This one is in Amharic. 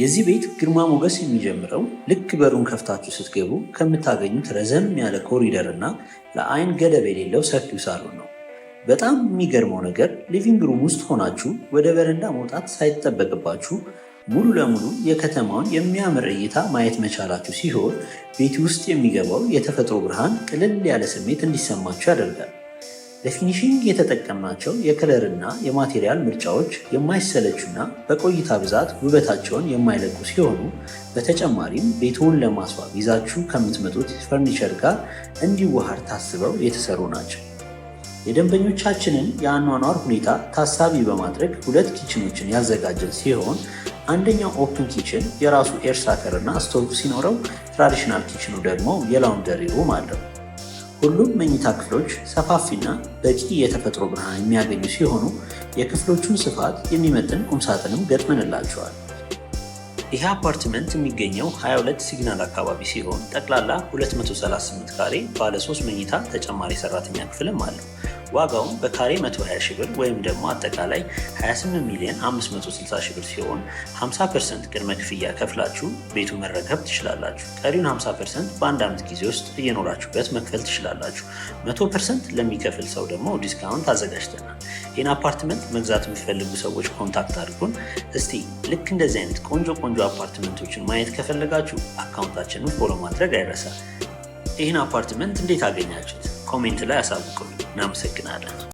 የዚህ ቤት ግርማ ሞገስ የሚጀምረው ልክ በሩን ከፍታችሁ ስትገቡ ከምታገኙት ረዘም ያለ ኮሪደር እና ለአይን ገደብ የሌለው ሰፊው ሳሎን ነው። በጣም የሚገርመው ነገር ሊቪንግ ሩም ውስጥ ሆናችሁ ወደ በረንዳ መውጣት ሳይጠበቅባችሁ ሙሉ ለሙሉ የከተማውን የሚያምር እይታ ማየት መቻላችሁ ሲሆን ቤት ውስጥ የሚገባው የተፈጥሮ ብርሃን ቅልል ያለ ስሜት እንዲሰማችሁ ያደርጋል። ለፊኒሽንግ የተጠቀምናቸው የከለርና የማቴሪያል ምርጫዎች የማይሰለቹና በቆይታ ብዛት ውበታቸውን የማይለቁ ሲሆኑ በተጨማሪም ቤትዎን ለማስዋብ ይዛችሁ ከምትመጡት ፈርኒቸር ጋር እንዲዋሃድ ታስበው የተሰሩ ናቸው። የደንበኞቻችንን የአኗኗር ሁኔታ ታሳቢ በማድረግ ሁለት ኪችኖችን ያዘጋጀን ሲሆን አንደኛው ኦፕን ኪችን የራሱ ኤርሳከር እና ስቶቭ ሲኖረው ትራዲሽናል ኪችኑ ደግሞ የላውንደሪ ሩም አለው። ሁሉም መኝታ ክፍሎች ሰፋፊና በቂ የተፈጥሮ ብርሃን የሚያገኙ ሲሆኑ የክፍሎቹን ስፋት የሚመጥን ቁምሳጥንም ገጥመንላቸዋል። ይህ አፓርትመንት የሚገኘው 22 ሲግናል አካባቢ ሲሆን ጠቅላላ 238 ካሬ ባለ 3 መኝታ ተጨማሪ ሰራተኛ ክፍልም አለው። ዋጋውም በካሬ 120 ሺህ ብር ወይም ደግሞ አጠቃላይ 28 ሚሊዮን 560 ሺህ ብር ሲሆን 50 ፐርሰንት ቅድመ ክፍያ ከፍላችሁ ቤቱ መረከብ ትችላላችሁ። ቀሪውን 50 ፐርሰንት በአንድ ዓመት ጊዜ ውስጥ እየኖራችሁበት መክፈል ትችላላችሁ። 100 ፐርሰንት ለሚከፍል ሰው ደግሞ ዲስካውንት አዘጋጅተናል። ይህን አፓርትመንት መግዛት የሚፈልጉ ሰዎች ኮንታክት አድርጉን። እስቲ ልክ እንደዚህ አይነት ቆንጆ ቆንጆ አፓርትመንቶችን ማየት ከፈለጋችሁ አካውንታችንን ፎሎ ማድረግ አይረሳል ይህን አፓርትመንት እንዴት አገኛችሁት? ኮሜንት ላይ አሳውቀው። እናመሰግናለን።